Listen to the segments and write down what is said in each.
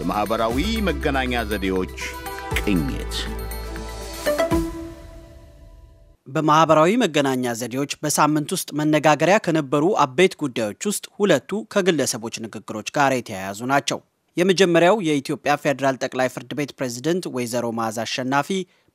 የማኅበራዊ መገናኛ ዘዴዎች ቅኝት በማኅበራዊ መገናኛ ዘዴዎች በሳምንት ውስጥ መነጋገሪያ ከነበሩ አበይት ጉዳዮች ውስጥ ሁለቱ ከግለሰቦች ንግግሮች ጋር የተያያዙ ናቸው። የመጀመሪያው የኢትዮጵያ ፌዴራል ጠቅላይ ፍርድ ቤት ፕሬዝደንት ወይዘሮ መዓዛ አሸናፊ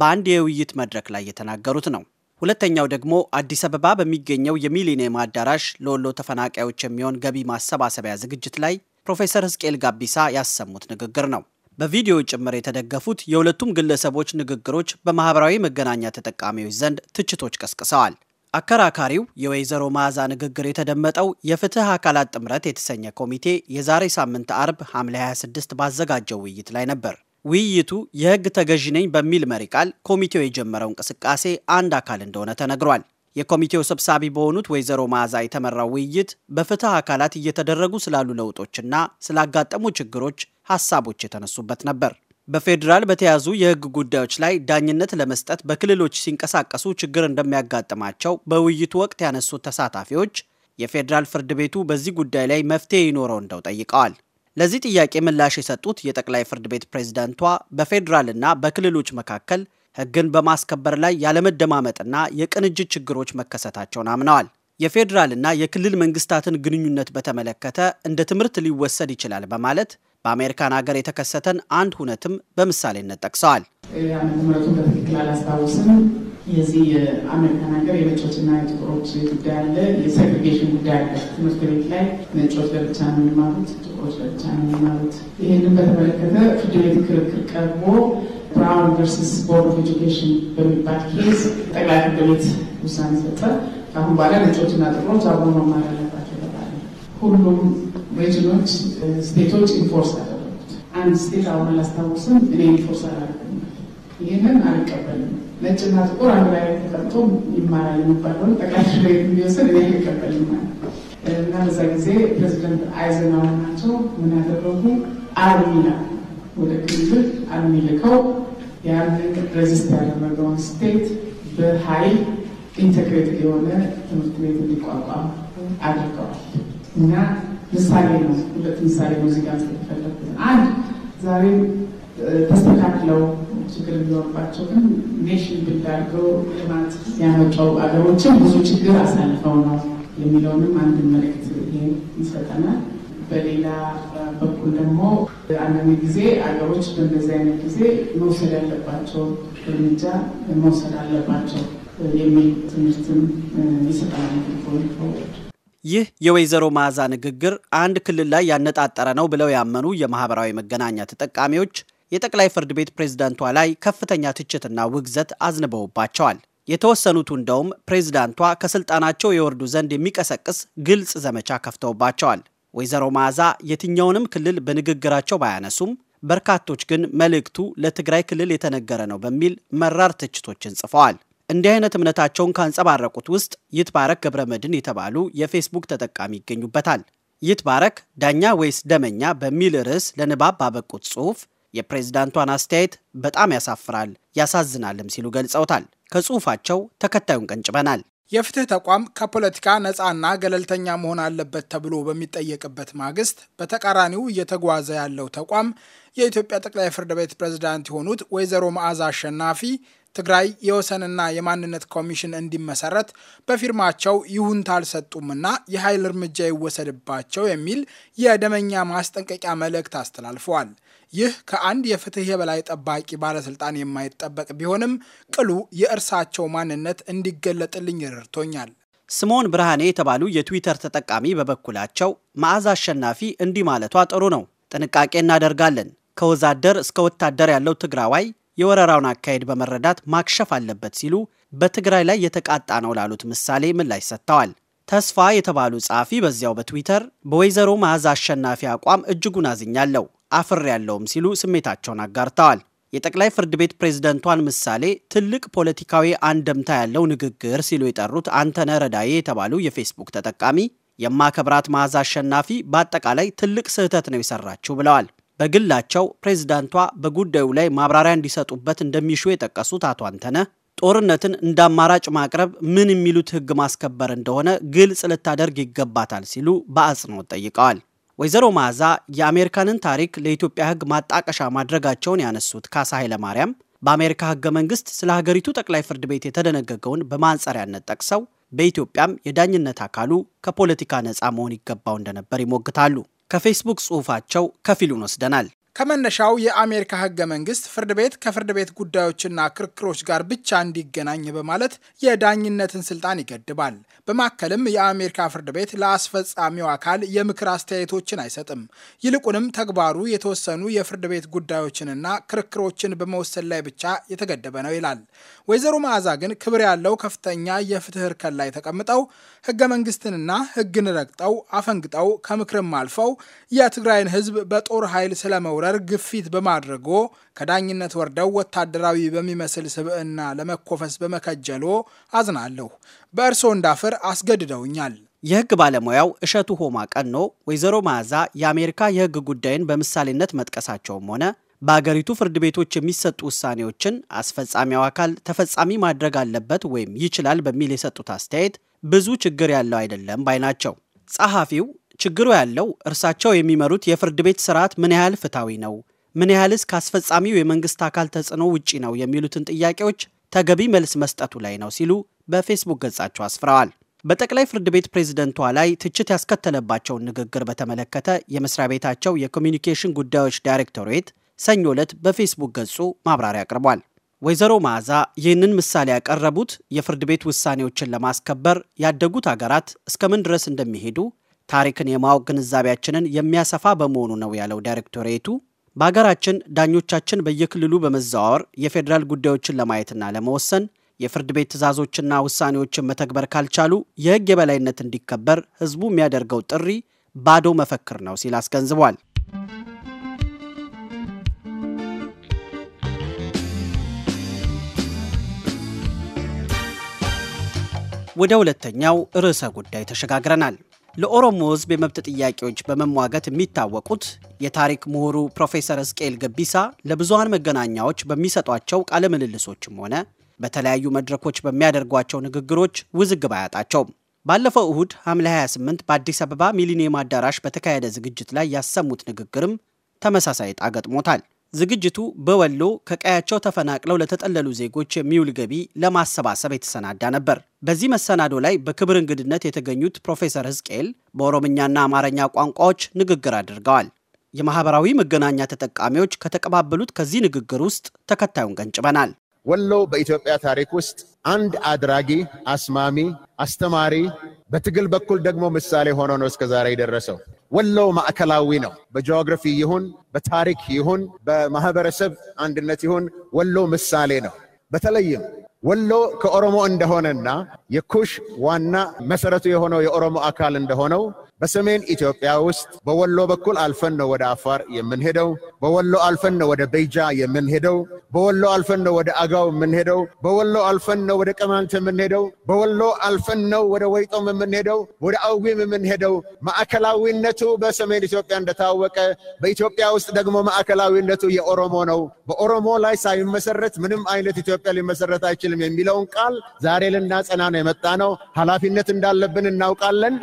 በአንድ የውይይት መድረክ ላይ የተናገሩት ነው። ሁለተኛው ደግሞ አዲስ አበባ በሚገኘው የሚሊኒየም አዳራሽ ለወሎ ተፈናቃዮች የሚሆን ገቢ ማሰባሰቢያ ዝግጅት ላይ ፕሮፌሰር ህዝቅኤል ጋቢሳ ያሰሙት ንግግር ነው። በቪዲዮ ጭምር የተደገፉት የሁለቱም ግለሰቦች ንግግሮች በማህበራዊ መገናኛ ተጠቃሚዎች ዘንድ ትችቶች ቀስቅሰዋል። አከራካሪው የወይዘሮ መዓዛ ንግግር የተደመጠው የፍትህ አካላት ጥምረት የተሰኘ ኮሚቴ የዛሬ ሳምንት አርብ ሐምሌ 26 ባዘጋጀው ውይይት ላይ ነበር። ውይይቱ የህግ ተገዥነኝ ነኝ በሚል መሪ ቃል ኮሚቴው የጀመረው እንቅስቃሴ አንድ አካል እንደሆነ ተነግሯል። የኮሚቴው ሰብሳቢ በሆኑት ወይዘሮ መዓዛ የተመራው ውይይት በፍትህ አካላት እየተደረጉ ስላሉ ለውጦችና ስላጋጠሙ ችግሮች ሀሳቦች የተነሱበት ነበር። በፌዴራል በተያዙ የህግ ጉዳዮች ላይ ዳኝነት ለመስጠት በክልሎች ሲንቀሳቀሱ ችግር እንደሚያጋጥማቸው በውይይቱ ወቅት ያነሱት ተሳታፊዎች የፌዴራል ፍርድ ቤቱ በዚህ ጉዳይ ላይ መፍትሄ ይኖረው እንደው ጠይቀዋል። ለዚህ ጥያቄ ምላሽ የሰጡት የጠቅላይ ፍርድ ቤት ፕሬዝዳንቷ በፌዴራልና በክልሎች መካከል ህግን በማስከበር ላይ ያለመደማመጥና የቅንጅት ችግሮች መከሰታቸውን አምነዋል። የፌዴራልና የክልል መንግስታትን ግንኙነት በተመለከተ እንደ ትምህርት ሊወሰድ ይችላል በማለት በአሜሪካን ሀገር የተከሰተን አንድ ሁነትም በምሳሌነት ጠቅሰዋል። ዓመተ በትክክል አላስታውስም። የዚህ የአሜሪካን ሀገር የነጮችና የጥቁሮች ጉዳይ አለ፣ የሴግሬጌሽን ጉዳይ አለ። ትምህርት ቤት ላይ ነጮች ለብቻ ነው የሚማሩት፣ ጥቁሮች ለብቻ ነው የሚማሩት። ይህንን በተመለከተ ፍርድ ቤት ክርክር ቀርቦ ብራውን ቨርሰስ ቦርድ ኦፍ ኤጁኬሽን በሚባል ኬዝ ጠቅላይ ፍርድ ቤት ውሳኔ ሰጠ። ከአሁን በኋላ ነጮችና ጥቁሮች አብሮ መማር አለባቸው ተባለ። ሁሉም ሬጅኖች ስቴቶች ኢንፎርስ አደረጉት። አንድ ስቴት አሁን አላስታውስም፣ እኔ ኢንፎርስ አላደረግም። ይህንን አልቀበልም። ነጭና ጥቁር አንድ ላይ ተቀምጦ ይማራል የሚባለውን ጠቅላይ ፍርድ ቤት እኔ እና በዛ ጊዜ ፕሬዚደንት ናቸው ምን ያደረጉ አርሚ ወደ ክልል አርሚ ልከው ያንን ሬዚስት ያደረገውን ስቴት በኃይል ኢንተግሬት የሆነ ትምህርት ቤት እንዲቋቋም አድርገዋል እና ምሳሌ ነው። ሁለት ምሳሌ ነው ሙዚቃ ስለፈለኩት አንድ ዛሬ ተስተካክለው ችግር የሚኖርባቸው ግን ኔሽን ብዳርገው ልማት ያመጫው አገሮችን ብዙ ችግር አሳልፈው ነው የሚለውንም አንድ መልዕክት ይሰጠናል። በሌላ በኩል ደግሞ አንዳንድ ጊዜ አገሮች በእንደዚህ አይነት ጊዜ መውሰድ ያለባቸው እርምጃ መውሰድ አለባቸው የሚል ትምህርትም ይሰጣል። ይህ የወይዘሮ መዓዛ ንግግር አንድ ክልል ላይ ያነጣጠረ ነው ብለው ያመኑ የማህበራዊ መገናኛ ተጠቃሚዎች የጠቅላይ ፍርድ ቤት ፕሬዝዳንቷ ላይ ከፍተኛ ትችትና ውግዘት አዝንበውባቸዋል። የተወሰኑቱ እንደውም ፕሬዝዳንቷ ከስልጣናቸው የወርዱ ዘንድ የሚቀሰቅስ ግልጽ ዘመቻ ከፍተውባቸዋል። ወይዘሮ መዓዛ የትኛውንም ክልል በንግግራቸው ባያነሱም በርካቶች ግን መልእክቱ ለትግራይ ክልል የተነገረ ነው በሚል መራር ትችቶችን ጽፈዋል። እንዲህ አይነት እምነታቸውን ካንጸባረቁት ውስጥ ይትባረክ መድን የተባሉ የፌስቡክ ተጠቃሚ ይገኙበታል። ይትባረክ ዳኛ ወይስ ደመኛ በሚል ርዕስ ለንባብ ባበቁት ጽሑፍ የፕሬዝዳንቷን አስተያየት በጣም ያሳፍራል፣ ያሳዝናልም ሲሉ ገልጸውታል። ከጽሑፋቸው ተከታዩን ቀንጭበናል። የፍትህ ተቋም ከፖለቲካ ነፃና ገለልተኛ መሆን አለበት ተብሎ በሚጠየቅበት ማግስት በተቃራኒው እየተጓዘ ያለው ተቋም የኢትዮጵያ ጠቅላይ ፍርድ ቤት ፕሬዝዳንት የሆኑት ወይዘሮ መዓዛ አሸናፊ ትግራይ የወሰንና የማንነት ኮሚሽን እንዲመሰረት በፊርማቸው ይሁንታ አልሰጡምና የኃይል እርምጃ ይወሰድባቸው የሚል የደመኛ ማስጠንቀቂያ መልእክት አስተላልፈዋል። ይህ ከአንድ የፍትህ የበላይ ጠባቂ ባለስልጣን የማይጠበቅ ቢሆንም ቅሉ የእርሳቸው ማንነት እንዲገለጥልኝ ረድቶኛል። ስሞን ብርሃኔ የተባሉ የትዊተር ተጠቃሚ በበኩላቸው መዓዛ አሸናፊ እንዲህ ማለቷ ጥሩ ነው። ጥንቃቄ እናደርጋለን። ከወዛደር እስከ ወታደር ያለው ትግራዋይ የወረራውን አካሄድ በመረዳት ማክሸፍ አለበት ሲሉ በትግራይ ላይ የተቃጣ ነው ላሉት ምሳሌ ምላሽ ሰጥተዋል። ተስፋ የተባሉ ጸሐፊ በዚያው በትዊተር በወይዘሮ መዓዛ አሸናፊ አቋም እጅጉን አዝኛለሁ አፍር ያለውም ሲሉ ስሜታቸውን አጋርተዋል። የጠቅላይ ፍርድ ቤት ፕሬዝደንቷን ምሳሌ ትልቅ ፖለቲካዊ አንደምታ ያለው ንግግር ሲሉ የጠሩት አንተነ ረዳዬ የተባሉ የፌስቡክ ተጠቃሚ የማከብራት መዓዛ አሸናፊ በአጠቃላይ ትልቅ ስህተት ነው የሰራችው ብለዋል። በግላቸው ፕሬዝዳንቷ በጉዳዩ ላይ ማብራሪያ እንዲሰጡበት እንደሚሹ የጠቀሱት አቶ አንተነ ጦርነትን እንደ አማራጭ ማቅረብ ምን የሚሉት ሕግ ማስከበር እንደሆነ ግልጽ ልታደርግ ይገባታል ሲሉ በአጽንኦት ጠይቀዋል። ወይዘሮ መዓዛ የአሜሪካንን ታሪክ ለኢትዮጵያ ሕግ ማጣቀሻ ማድረጋቸውን ያነሱት ካሳ ኃይለማርያም በአሜሪካ ሕገ መንግስት ስለ ሀገሪቱ ጠቅላይ ፍርድ ቤት የተደነገገውን በማንጸሪያነት ጠቅሰው በኢትዮጵያም የዳኝነት አካሉ ከፖለቲካ ነፃ መሆን ይገባው እንደነበር ይሞግታሉ። ከፌስቡክ ጽሑፋቸው ከፊሉን ወስደናል። ከመነሻው የአሜሪካ ህገ መንግስት ፍርድ ቤት ከፍርድ ቤት ጉዳዮችና ክርክሮች ጋር ብቻ እንዲገናኝ በማለት የዳኝነትን ስልጣን ይገድባል። በማከልም የአሜሪካ ፍርድ ቤት ለአስፈጻሚው አካል የምክር አስተያየቶችን አይሰጥም። ይልቁንም ተግባሩ የተወሰኑ የፍርድ ቤት ጉዳዮችንና ክርክሮችን በመወሰን ላይ ብቻ የተገደበ ነው ይላል። ወይዘሮ መዓዛ ግን ክብር ያለው ከፍተኛ የፍትህ እርከን ላይ ተቀምጠው ህገ መንግስትንና ህግን ረግጠው አፈንግጠው ከምክርም አልፈው የትግራይን ህዝብ በጦር ኃይል ስለመውረ ለማውረር ግፊት በማድረጎ ከዳኝነት ወርደው ወታደራዊ በሚመስል ስብዕና ለመኮፈስ በመከጀሎ አዝናለሁ። በእርሶ እንዳፍር አስገድደውኛል። የህግ ባለሙያው እሸቱ ሆማ ቀኖ ወይዘሮ መዓዛ የአሜሪካ የህግ ጉዳይን በምሳሌነት መጥቀሳቸውም ሆነ በአገሪቱ ፍርድ ቤቶች የሚሰጡ ውሳኔዎችን አስፈጻሚው አካል ተፈጻሚ ማድረግ አለበት ወይም ይችላል በሚል የሰጡት አስተያየት ብዙ ችግር ያለው አይደለም ባይ ናቸው። ጸሐፊው ችግሩ ያለው እርሳቸው የሚመሩት የፍርድ ቤት ስርዓት ምን ያህል ፍትሐዊ ነው፣ ምን ያህልስ ከአስፈጻሚው የመንግስት አካል ተጽዕኖ ውጪ ነው የሚሉትን ጥያቄዎች ተገቢ መልስ መስጠቱ ላይ ነው ሲሉ በፌስቡክ ገጻቸው አስፍረዋል። በጠቅላይ ፍርድ ቤት ፕሬዝደንቷ ላይ ትችት ያስከተለባቸውን ንግግር በተመለከተ የመስሪያ ቤታቸው የኮሚኒኬሽን ጉዳዮች ዳይሬክቶሬት ሰኞ ዕለት በፌስቡክ ገጹ ማብራሪያ አቅርቧል። ወይዘሮ መዓዛ ይህንን ምሳሌ ያቀረቡት የፍርድ ቤት ውሳኔዎችን ለማስከበር ያደጉት አገራት እስከምን ድረስ እንደሚሄዱ ታሪክን የማወቅ ግንዛቤያችንን የሚያሰፋ በመሆኑ ነው ያለው ዳይሬክቶሬቱ። በሀገራችን ዳኞቻችን በየክልሉ በመዘዋወር የፌዴራል ጉዳዮችን ለማየትና ለመወሰን የፍርድ ቤት ትዕዛዞችና ውሳኔዎችን መተግበር ካልቻሉ የሕግ የበላይነት እንዲከበር ሕዝቡ የሚያደርገው ጥሪ ባዶ መፈክር ነው ሲል አስገንዝቧል። ወደ ሁለተኛው ርዕሰ ጉዳይ ተሸጋግረናል። ለኦሮሞ ህዝብ የመብት ጥያቄዎች በመሟገት የሚታወቁት የታሪክ ምሁሩ ፕሮፌሰር እስቄል ገቢሳ ለብዙሃን መገናኛዎች በሚሰጧቸው ቃለ ምልልሶችም ሆነ በተለያዩ መድረኮች በሚያደርጓቸው ንግግሮች ውዝግብ አያጣቸውም። ባለፈው እሁድ ሐምሌ 28 በአዲስ አበባ ሚሊኒየም አዳራሽ በተካሄደ ዝግጅት ላይ ያሰሙት ንግግርም ተመሳሳይ ጣ ገጥሞታል። ዝግጅቱ በወሎ ከቀያቸው ተፈናቅለው ለተጠለሉ ዜጎች የሚውል ገቢ ለማሰባሰብ የተሰናዳ ነበር። በዚህ መሰናዶ ላይ በክብር እንግድነት የተገኙት ፕሮፌሰር ህዝቅኤል በኦሮምኛና አማርኛ ቋንቋዎች ንግግር አድርገዋል። የማህበራዊ መገናኛ ተጠቃሚዎች ከተቀባበሉት ከዚህ ንግግር ውስጥ ተከታዩን ገንጭበናል። ወሎ በኢትዮጵያ ታሪክ ውስጥ አንድ አድራጊ፣ አስማሚ፣ አስተማሪ በትግል በኩል ደግሞ ምሳሌ ሆኖ ነው እስከዛሬ የደረሰው። ወሎ ማዕከላዊ ነው። በጂኦግራፊ ይሁን በታሪክ ይሁን በማህበረሰብ አንድነት ይሁን ወሎ ምሳሌ ነው። በተለይም ወሎ ከኦሮሞ እንደሆነና የኩሽ ዋና መሰረቱ የሆነው የኦሮሞ አካል እንደሆነው በሰሜን ኢትዮጵያ ውስጥ በወሎ በኩል አልፈን ነው ወደ አፋር የምንሄደው። በወሎ አልፈን ነው ወደ በይጃ የምንሄደው። በወሎ አልፈን ነው ወደ አጋው የምንሄደው። በወሎ አልፈን ነው ወደ ቀማንት የምንሄደው። በወሎ አልፈን ነው ወደ ወይጦም የምንሄደው፣ ወደ አዊም የምንሄደው። ማዕከላዊነቱ በሰሜን ኢትዮጵያ እንደታወቀ፣ በኢትዮጵያ ውስጥ ደግሞ ማዕከላዊነቱ የኦሮሞ ነው። በኦሮሞ ላይ ሳይመሰረት ምንም አይነት ኢትዮጵያ ሊመሰረት አይችልም። አንችልም የሚለውን ቃል ዛሬ ልናጸና ነው የመጣ ነው። ኃላፊነት እንዳለብን እናውቃለን።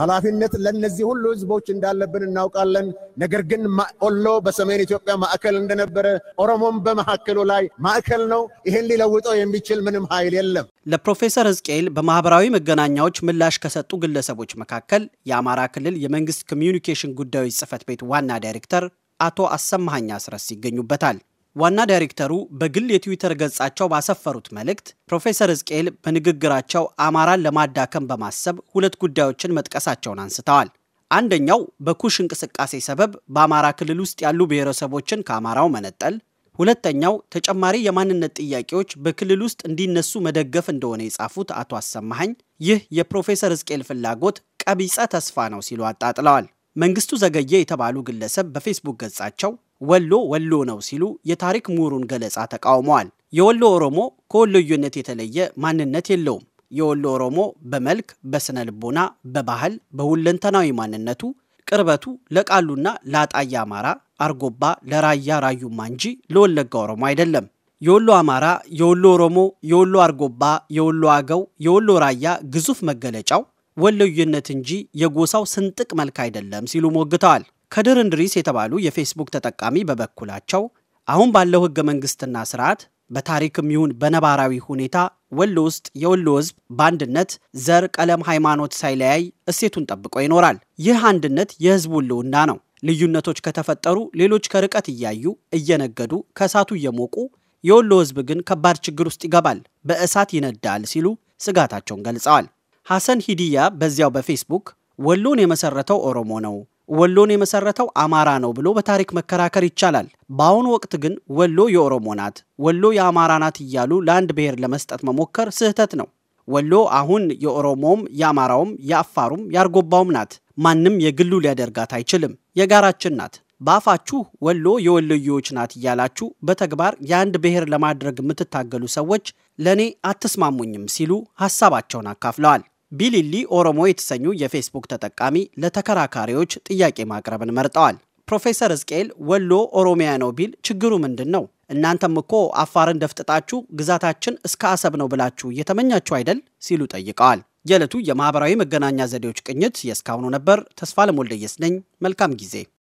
ኃላፊነት ለነዚህ ሁሉ ህዝቦች እንዳለብን እናውቃለን። ነገር ግን ኦሎ በሰሜን ኢትዮጵያ ማዕከል እንደነበረ ኦሮሞም በመካከሉ ላይ ማዕከል ነው። ይህን ሊለውጠው የሚችል ምንም ኃይል የለም። ለፕሮፌሰር ህዝቅኤል በማህበራዊ መገናኛዎች ምላሽ ከሰጡ ግለሰቦች መካከል የአማራ ክልል የመንግስት ኮሚዩኒኬሽን ጉዳዮች ጽህፈት ቤት ዋና ዳይሬክተር አቶ አሰማሀኝ አስረስ ይገኙበታል። ዋና ዳይሬክተሩ በግል የትዊተር ገጻቸው ባሰፈሩት መልእክት ፕሮፌሰር እዝቅኤል በንግግራቸው አማራን ለማዳከም በማሰብ ሁለት ጉዳዮችን መጥቀሳቸውን አንስተዋል። አንደኛው በኩሽ እንቅስቃሴ ሰበብ በአማራ ክልል ውስጥ ያሉ ብሔረሰቦችን ከአማራው መነጠል፣ ሁለተኛው ተጨማሪ የማንነት ጥያቄዎች በክልል ውስጥ እንዲነሱ መደገፍ እንደሆነ የጻፉት አቶ አሰማሀኝ ይህ የፕሮፌሰር እዝቅኤል ፍላጎት ቀቢጸ ተስፋ ነው ሲሉ አጣጥለዋል። መንግስቱ ዘገየ የተባሉ ግለሰብ በፌስቡክ ገጻቸው ወሎ ወሎ ነው ሲሉ የታሪክ ምሁሩን ገለጻ ተቃውመዋል። የወሎ ኦሮሞ ከወሎዩነት የተለየ ማንነት የለውም። የወሎ ኦሮሞ በመልክ፣ በስነ ልቦና፣ በባህል፣ በሁለንተናዊ ማንነቱ ቅርበቱ ለቃሉና ለአጣያ አማራ፣ አርጎባ፣ ለራያ ራዩማ እንጂ ለወለጋ ኦሮሞ አይደለም። የወሎ አማራ፣ የወሎ ኦሮሞ፣ የወሎ አርጎባ፣ የወሎ አገው፣ የወሎ ራያ ግዙፍ መገለጫው ወሎዩነት እንጂ የጎሳው ስንጥቅ መልክ አይደለም ሲሉ ሞግተዋል። ከድር እንድሪስ የተባሉ የፌስቡክ ተጠቃሚ በበኩላቸው አሁን ባለው ህገ መንግስትና ስርዓት በታሪክም ይሁን በነባራዊ ሁኔታ ወሎ ውስጥ የወሎ ህዝብ በአንድነት ዘር፣ ቀለም፣ ሃይማኖት ሳይለያይ እሴቱን ጠብቆ ይኖራል። ይህ አንድነት የህዝቡ ህልውና ነው። ልዩነቶች ከተፈጠሩ ሌሎች ከርቀት እያዩ እየነገዱ ከእሳቱ እየሞቁ የወሎ ህዝብ ግን ከባድ ችግር ውስጥ ይገባል፣ በእሳት ይነዳል ሲሉ ስጋታቸውን ገልጸዋል። ሐሰን ሂዲያ በዚያው በፌስቡክ ወሎን የመሰረተው ኦሮሞ ነው ወሎን የመሰረተው አማራ ነው ብሎ በታሪክ መከራከር ይቻላል። በአሁኑ ወቅት ግን ወሎ የኦሮሞ ናት፣ ወሎ የአማራ ናት እያሉ ለአንድ ብሔር ለመስጠት መሞከር ስህተት ነው። ወሎ አሁን የኦሮሞውም የአማራውም የአፋሩም የአርጎባውም ናት። ማንም የግሉ ሊያደርጋት አይችልም። የጋራችን ናት። በአፋችሁ ወሎ የወሎዮዎች ናት እያላችሁ በተግባር የአንድ ብሔር ለማድረግ የምትታገሉ ሰዎች ለእኔ አትስማሙኝም ሲሉ ሀሳባቸውን አካፍለዋል። ቢሊሊ ኦሮሞ የተሰኙ የፌስቡክ ተጠቃሚ ለተከራካሪዎች ጥያቄ ማቅረብን መርጠዋል። ፕሮፌሰር እዝቅኤል ወሎ ኦሮሚያ ነው ቢል ችግሩ ምንድን ነው? እናንተም እኮ አፋርን ደፍጥጣችሁ ግዛታችን እስከ አሰብ ነው ብላችሁ እየተመኛችሁ አይደል? ሲሉ ጠይቀዋል። የዕለቱ የማኅበራዊ መገናኛ ዘዴዎች ቅኝት የእስካሁኑ ነበር። ተስፋ ለሞልደየስ ነኝ። መልካም ጊዜ